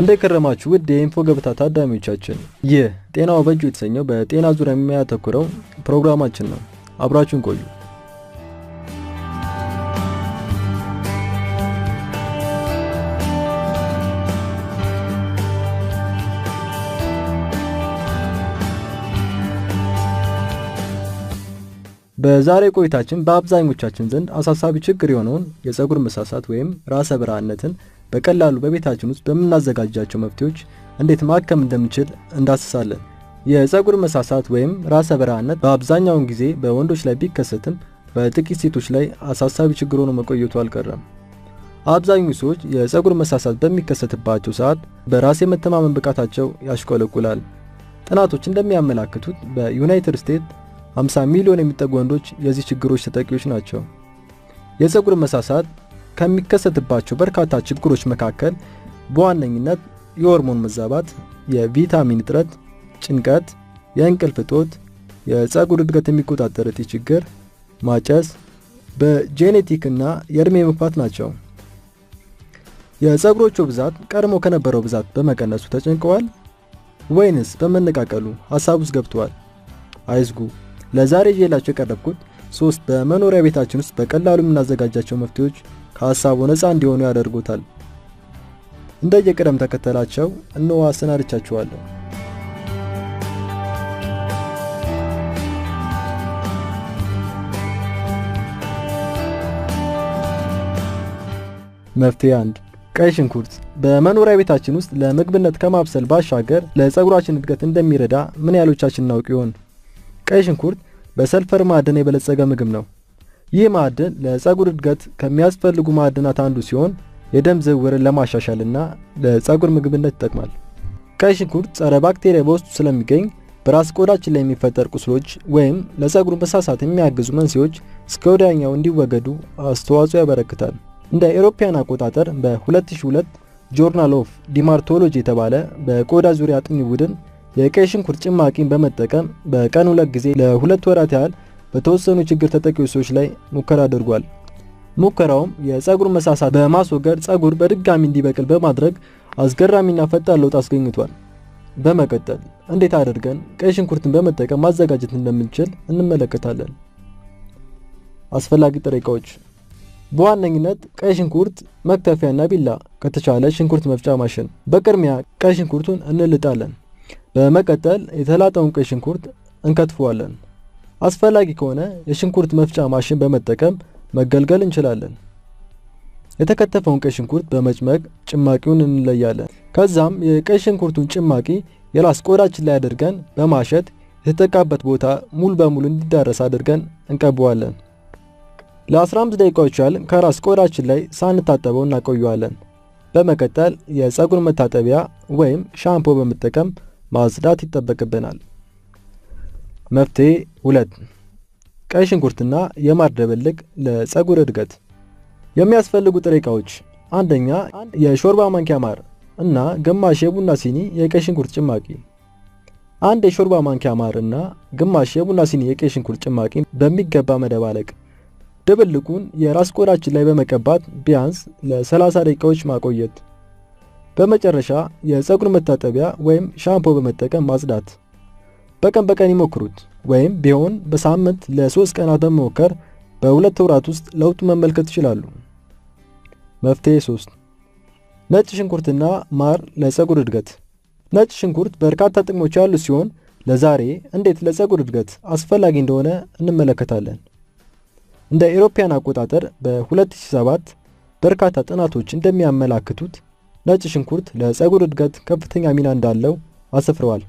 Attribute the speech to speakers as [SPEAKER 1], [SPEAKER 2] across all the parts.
[SPEAKER 1] እንደከረማችሁ ውድ የኢንፎ ገብታ ታዳሚዎቻችን፣ ይህ ጤናው በእጁ የተሰኘው በጤና ዙሪያ የሚያተኩረው ፕሮግራማችን ነው። አብራችሁን ቆዩ። በዛሬ ቆይታችን በአብዛኞቻችን ዘንድ አሳሳቢ ችግር የሆነውን የፀጉር መሳሳት ወይም ራሰ ብርሃነትን። በቀላሉ በቤታችን ውስጥ በምናዘጋጃቸው መፍትሄዎች እንዴት ማከም እንደምንችል እንዳስሳለን። የፀጉር መሳሳት ወይም ራሰ በራነት በአብዛኛውን ጊዜ በወንዶች ላይ ቢከሰትም በጥቂት ሴቶች ላይ አሳሳቢ ችግር ሆኖ መቆየቱ አልቀረም። አብዛኞቹ ሰዎች የፀጉር መሳሳት በሚከሰትባቸው ሰዓት በራስ የመተማመን ብቃታቸው ያሽቆለቁላል። ጥናቶች እንደሚያመላክቱት በዩናይትድ ስቴትስ 50 ሚሊዮን የሚጠጉ ወንዶች የዚህ ችግሮች ተጠቂዎች ናቸው። የፀጉር መሳሳት ከሚከሰትባቸው በርካታ ችግሮች መካከል በዋነኝነት የሆርሞን መዛባት፣ የቪታሚን እጥረት፣ ጭንቀት፣ የእንቅልፍ እጦት፣ የፀጉር እድገት የሚቆጣጠር እጢ ችግር፣ ማጨስ፣ በጄኔቲክ እና የእድሜ መግፋት ናቸው። የፀጉሮቹ ብዛት ቀድሞ ከነበረው ብዛት በመቀነሱ ተጨንቀዋል ወይንስ በመነቃቀሉ ሀሳብ ውስጥ ገብተዋል? አይዝጉ። ለዛሬ ዜላቸው የቀረብኩት ሶስት በመኖሪያ ቤታችን ውስጥ በቀላሉ የምናዘጋጃቸው መፍትሄዎች ከሀሳቡ ነፃ እንዲሆኑ ያደርጉታል። እንደየቅደም ተከተላቸው እንሆ አሰናድቻችኋለሁ። መፍትሄ አንድ ቀይ ሽንኩርት በመኖሪያ ቤታችን ውስጥ ለምግብነት ከማብሰል ባሻገር ለፀጉራችን እድገት እንደሚረዳ ምን ያህሎቻችን እናውቅ ይሆን? ቀይ ሽንኩርት በሰልፈር ማዕድን የበለጸገ ምግብ ነው። ይህ ማዕድን ለፀጉር እድገት ከሚያስፈልጉ ማዕድናት አንዱ ሲሆን የደም ዝውውርን ለማሻሻልና ለፀጉር ምግብነት ይጠቅማል። ቀይ ሽንኩርት ጸረ ባክቴሪያ በውስጡ ስለሚገኝ በራስ ቆዳችን ላይ የሚፈጠር ቁስሎች ወይም ለፀጉር መሳሳት የሚያግዙ መንስኤዎች እስከ ወዲያኛው እንዲወገዱ አስተዋጽኦ ያበረክታል። እንደ ኤሮፓያን አቆጣጠር በ2002 ጆርናል ኦፍ ዲማርቶሎጂ የተባለ በቆዳ ዙሪያ አጥኚ ቡድን የቀይ ሽንኩርት ጭማቂን በመጠቀም በቀን ሁለት ጊዜ ለሁለት ወራት ያህል በተወሰኑ ችግር ተጠቂ ሰዎች ላይ ሙከራ አድርጓል። ሙከራውም የፀጉር መሳሳት በማስወገድ ፀጉር በድጋሚ እንዲበቅል በማድረግ አስገራሚና ፈጣን ለውጥ አስገኝቷል። በመቀጠል እንዴት አድርገን ቀይ ሽንኩርትን በመጠቀም ማዘጋጀት እንደምንችል እንመለከታለን። አስፈላጊ ጥሬ እቃዎች በዋነኝነት ቀይ ሽንኩርት መክተፊያና ቢላ፣ ከተቻለ ሽንኩርት መፍጫ ማሽን። በቅድሚያ ቀይ ሽንኩርቱን እንልጣለን። በመቀጠል የተላጠውን ቀይ ሽንኩርት እንከትፈዋለን። አስፈላጊ ከሆነ የሽንኩርት መፍጫ ማሽን በመጠቀም መገልገል እንችላለን። የተከተፈውን ቀይ ሽንኩርት በመጭመቅ ጭማቂውን እንለያለን። ከዛም የቀይ ሽንኩርቱን ጭማቂ የራስ ቆዳችን ላይ አድርገን በማሸት የተጠቃበት ቦታ ሙሉ በሙሉ እንዲዳረስ አድርገን እንቀበዋለን። ለ15 ደቂቃዎች ያህል ከራስ ቆዳችን ላይ ሳንታጠበው እናቆየዋለን። በመቀጠል የፀጉር መታጠቢያ ወይም ሻምፖ በመጠቀም ማጽዳት ይጠበቅብናል። መፍትሄ ሁለት ቀይ ሽንኩርትና የማር ድብልቅ ለፀጉር እድገት የሚያስፈልጉ ጥሬ አንደኛ የሾርባ ማንኪያ ማር እና ግማሽ የቡና ሲኒ የቀይ ሽንኩርት ጭማቂ። አንድ የሾርባ ማንኪያ ማር እና ግማሽ የቡና ሲኒ የቀይ ሽንኩርት ጭማቂ በሚገባ መደባለቅ፣ ድብልቁን የራስ ቆዳችን ላይ በመቀባት ቢያንስ ለ30 ደቂቃዎች ማቆየት። በመጨረሻ የፀጉር መታጠቢያ ወይም ሻምፖ በመጠቀም ማጽዳት። በቀን በቀን ይሞክሩት ወይም ቢሆን በሳምንት ለሶስት ቀናት በመሞከር በሁለት ወራት ውስጥ ለውጥ መመልከት ይችላሉ። መፍትሄ 3 ነጭ ሽንኩርትና ማር ለፀጉር እድገት። ነጭ ሽንኩርት በርካታ ጥቅሞች ያሉት ሲሆን ለዛሬ እንዴት ለፀጉር እድገት አስፈላጊ እንደሆነ እንመለከታለን። እንደ ኢሮፓያን አቆጣጠር በ2007 በርካታ ጥናቶች እንደሚያመላክቱት ነጭ ሽንኩርት ለፀጉር እድገት ከፍተኛ ሚና እንዳለው አስፍረዋል።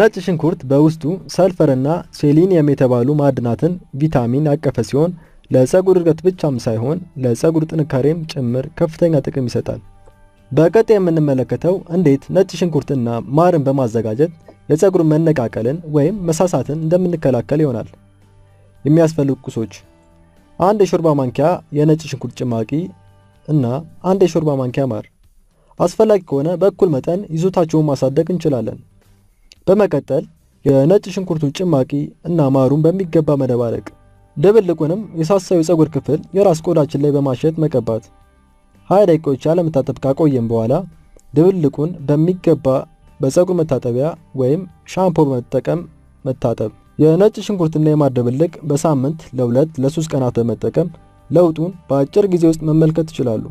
[SPEAKER 1] ነጭ ሽንኩርት በውስጡ ሰልፈርና ሴሊኒየም የተባሉ ማዕድናትን ቪታሚን ያቀፈ ሲሆን ለፀጉር እድገት ብቻም ሳይሆን ለፀጉር ጥንካሬም ጭምር ከፍተኛ ጥቅም ይሰጣል። በቀጥ የምንመለከተው እንዴት ነጭ ሽንኩርትና ማርን በማዘጋጀት የፀጉር መነቃቀልን ወይም መሳሳትን እንደምንከላከል ይሆናል። የሚያስፈልጉ ቁሶች አንድ የሾርባ ማንኪያ የነጭ ሽንኩርት ጭማቂ እና አንድ የሾርባ ማንኪያ ማር። አስፈላጊ ከሆነ በእኩል መጠን ይዞታቸውን ማሳደግ እንችላለን። በመቀጠል የነጭ ሽንኩርቱን ጭማቂ እና ማሩን በሚገባ መደባለቅ፣ ድብልቁንም የሳሳዩ የፀጉር ክፍል የራስ ቆዳችን ላይ በማሸት መቀባት። ሀያ ደቂቃዎች ያለመታጠብ ካቆየም በኋላ ድብልቁን በሚገባ በፀጉር መታጠቢያ ወይም ሻምፖ በመጠቀም መታጠብ። የነጭ ሽንኩርትና የማር ድብልቅ በሳምንት ለሁለት ለሶስት ቀናት በመጠቀም ለውጡን በአጭር ጊዜ ውስጥ መመልከት ትችላሉ።